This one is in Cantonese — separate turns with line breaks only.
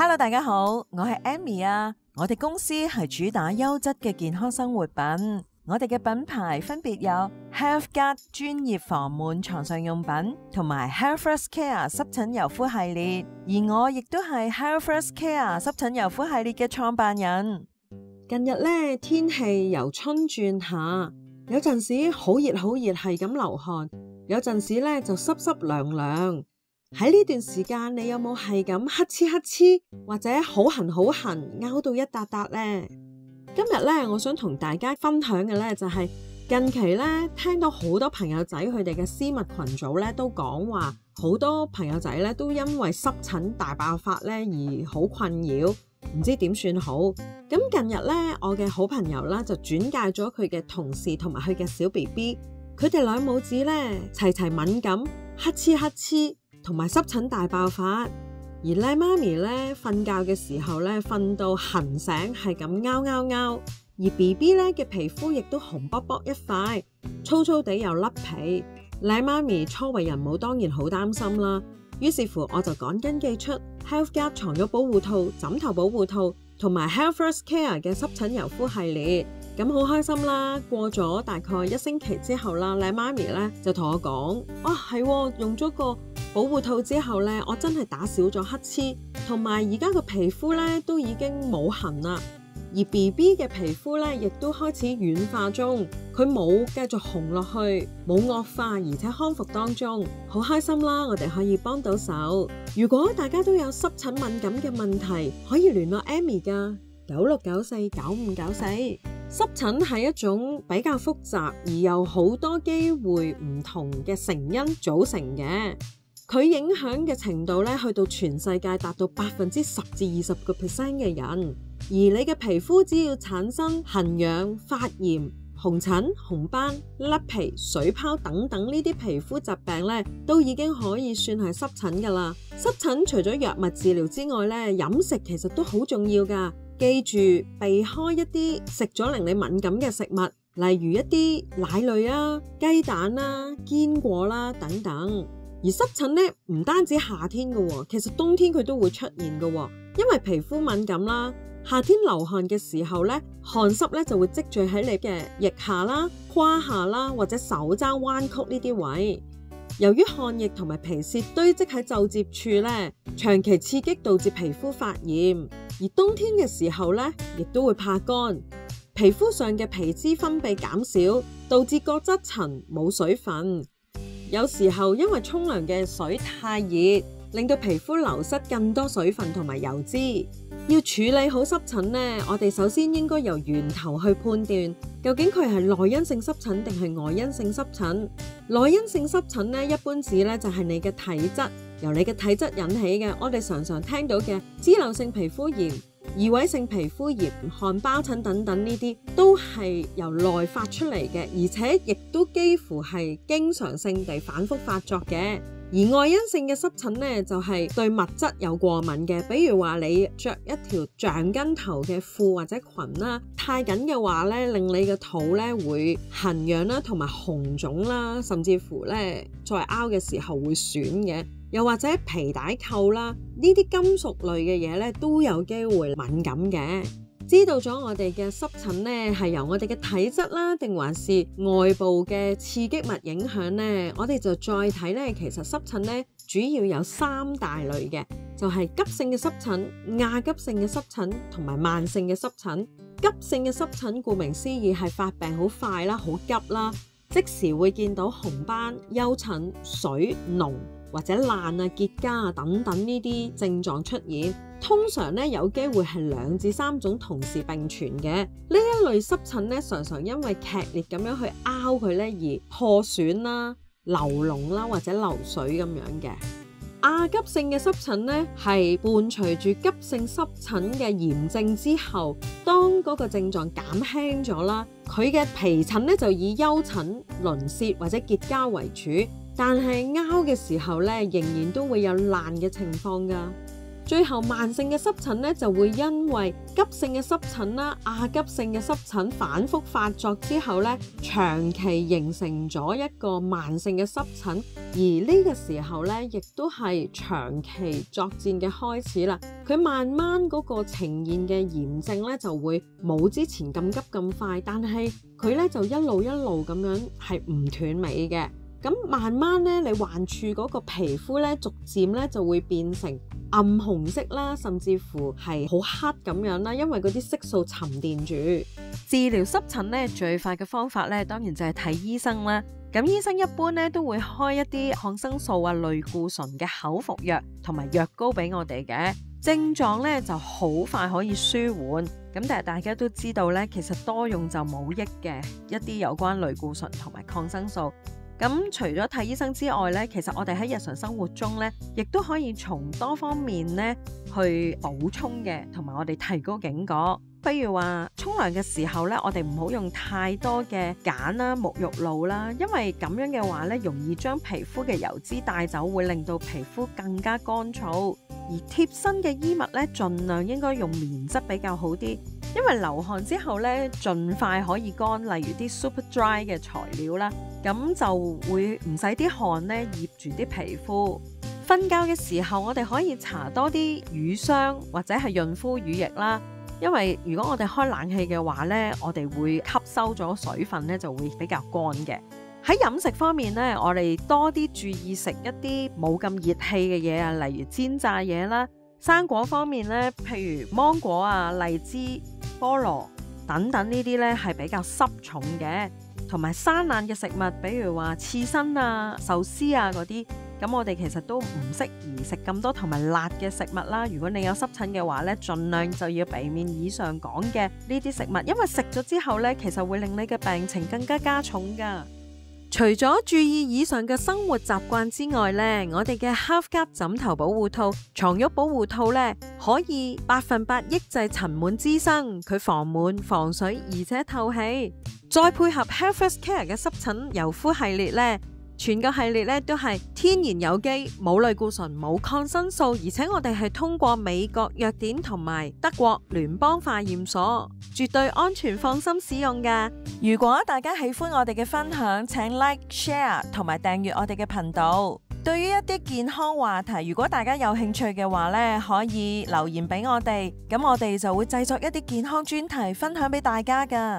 Hello，大家好，我係 Emmy 啊！我哋公司係主打優質嘅健康生活品，我哋嘅品牌分別有 HealthGuard 專業防蟎床上用品同埋 Health1stcare 濕疹柔膚系列，而我亦都係 Health1stcare 濕疹柔膚系列嘅創辦人。近日咧天氣由春轉夏，有陣時好熱好熱係咁流汗，有陣時咧就濕濕涼涼。喺呢段時間，你有冇係咁乞嚏乞嚏，或者好痕好痕，撓到一笪笪呢？今日咧，我想同大家分享嘅咧就係、是、近期呢，聽到好多朋友仔佢哋嘅私密群組咧都講話，好多朋友仔咧都因為濕疹大爆發咧而好困擾，唔知點算好。咁近日呢，我嘅好朋友啦就轉介咗佢嘅同事同埋佢嘅小 BB，佢哋兩母子呢，齊齊敏感，乞嚏乞嚏。同埋濕疹大爆發，而靚媽咪咧瞓覺嘅時候咧瞓到痕醒，係咁抓抓抓，而 BB 咧嘅皮膚亦都紅卜卜一塊，粗粗地又甩皮。靚媽咪初為人母，當然好擔心啦。於是乎，我就趕緊寄出 HealthGuard 床褥保護套、枕頭保護套同埋 Health1stcare 嘅濕疹柔膚系列，咁、嗯、好開心啦。過咗大概一星期之後啦，靚媽咪咧就同我講，哇、啊，係用咗個。保護套之後咧，我真係打少咗乞嚏，同埋而家個皮膚咧都已經冇痕啦。而 B B 嘅皮膚咧，亦都開始軟化中，佢冇繼續紅落去，冇惡化，而且康復當中好開心啦。我哋可以幫到手。如果大家都有濕疹敏感嘅問題，可以聯絡 Emmy 噶九六九四九五九四。濕疹係一種比較複雜而又好多機會唔同嘅成因組成嘅。佢影響嘅程度咧，去到全世界達到百分之十至二十個 percent 嘅人。而你嘅皮膚只要產生痕癢、發炎、紅疹、紅斑、甩皮、水泡等等呢啲皮膚疾病呢，都已經可以算係濕疹㗎喇。濕疹除咗藥物治療之外呢，飲食其實都好重要㗎。記住，避開一啲食咗令你敏感嘅食物，例如一啲奶類啊、雞蛋啦、啊、堅果啦、啊、等等。而濕疹呢，唔單止夏天嘅喎、哦，其實冬天佢都會出現嘅喎、哦，因為皮膚敏感啦。夏天流汗嘅時候呢，汗濕呢就會積聚喺你嘅腋下啦、胯下啦或者手肘彎曲呢啲位。由於汗液同埋皮屑堆積喺皺褶處呢，長期刺激導致皮膚發炎。而冬天嘅時候呢，亦都會怕乾，皮膚上嘅皮脂分泌減少，導致角質層冇水分。有時候因為沖涼嘅水太熱，令到皮膚流失更多水分同埋油脂。要處理好濕疹呢，我哋首先應該由源頭去判斷，究竟佢係內因性濕疹定係外因性濕疹。內因性濕疹呢，一般指呢就係你嘅體質，由你嘅體質引起嘅。我哋常常聽到嘅脂漏性皮膚炎。異位性皮膚炎、汗泡疹等等呢啲都係由內發出嚟嘅，而且亦都幾乎係經常性地反覆發作嘅。而外因性嘅濕疹呢，就係、是、對物質有過敏嘅，比如話你著一條橡筋頭嘅褲或者裙啦，太緊嘅話呢，令你嘅肚呢會痕癢啦，同埋紅腫啦，甚至乎呢，在抓嘅時候會損嘅。又或者皮帶扣啦，呢啲金屬類嘅嘢咧都有機會敏感嘅。知道咗我哋嘅濕疹咧係由我哋嘅體質啦，定還是外部嘅刺激物影響呢？我哋就再睇呢。其實濕疹呢主要有三大類嘅，就係急性嘅濕疹、亞急性嘅濕疹同埋慢性嘅濕疹。急性嘅濕疹，顧名思義係發病好快啦，好急啦，即時會見到紅斑、丘疹、水、膿。或者爛啊、結痂啊等等呢啲症狀出現，通常咧有機會係兩至三種同時並存嘅。呢一類濕疹咧，常常因為劇烈咁樣去拗佢咧而破損啦、啊、流膿啦、啊、或者流水咁樣嘅。亞急性嘅濕疹咧，係伴隨住急性濕疹嘅炎症之後，當嗰個症狀減輕咗啦，佢嘅皮疹咧就以丘疹、鱗屑或者結痂為主。但係拗嘅時候呢，仍然都會有爛嘅情況㗎。最後慢性嘅濕疹呢，就會因為急性嘅濕疹啦、亞急性嘅濕疹反覆發作之後呢，長期形成咗一個慢性嘅濕疹。而呢個時候呢，亦都係長期作戰嘅開始啦。佢慢慢嗰個呈現嘅炎症呢，就會冇之前咁急咁快，但係佢呢就一路一路咁樣係唔斷尾嘅。咁慢慢咧，你患處嗰個皮膚咧，逐漸咧就會變成暗紅色啦，甚至乎係好黑咁樣啦，因為嗰啲色素沉澱住。治療濕疹咧，最快嘅方法咧，當然就係睇醫生啦。咁醫生一般咧都會開一啲抗生素啊、類固醇嘅口服藥同埋藥膏俾我哋，嘅症狀咧，就好快可以舒緩。咁但係大家都知道咧，其實多用就冇益嘅，一啲有關類固醇同埋抗生素。咁、嗯、除咗睇醫生之外咧，其實我哋喺日常生活中咧，亦都可以從多方面咧去補充嘅，同埋我哋提高警覺。譬如話沖涼嘅時候咧，我哋唔好用太多嘅梘啦、沐浴露啦，因為咁樣嘅話咧，容易將皮膚嘅油脂帶走，會令到皮膚更加乾燥。而貼身嘅衣物咧，儘量應該用棉質比較好啲，因為流汗之後咧，儘快可以乾，例如啲 Super Dry 嘅材料啦。咁就會唔使啲汗咧，醃住啲皮膚。瞓覺嘅時候，我哋可以搽多啲乳霜或者係潤膚乳液啦。因為如果我哋開冷氣嘅話咧，我哋會吸收咗水分咧，就會比較乾嘅。喺飲食方面咧，我哋多啲注意食一啲冇咁熱氣嘅嘢啊，例如煎炸嘢啦。生果方面咧，譬如芒果啊、荔枝、菠蘿等等呢啲咧，係比較濕重嘅。同埋生冷嘅食物，比如話刺身啊、壽司啊嗰啲，咁我哋其實都唔適宜食咁多同埋辣嘅食物啦。如果你有濕疹嘅話咧，盡量就要避免以上講嘅呢啲食物，因為食咗之後咧，其實會令你嘅病情更加加重㗎。除咗注意以上嘅生活習慣之外呢，我哋嘅 HealthGuard 枕頭保護套、床褥保護套呢，可以百分百抑制塵蟎滋生，佢防蟎、防水而且透氣，再配合 Health1stcare 嘅濕疹柔膚系列呢。全個系列咧都係天然有機，冇類固醇，冇抗生素，而且我哋係通過美國藥典同埋德國聯邦化驗所，絕對安全放心使用噶。如果大家喜歡我哋嘅分享，請 like、share 同埋訂閱我哋嘅頻道。對於一啲健康話題，如果大家有興趣嘅話咧，可以留言俾我哋，咁我哋就會製作一啲健康專題分享俾大家噶。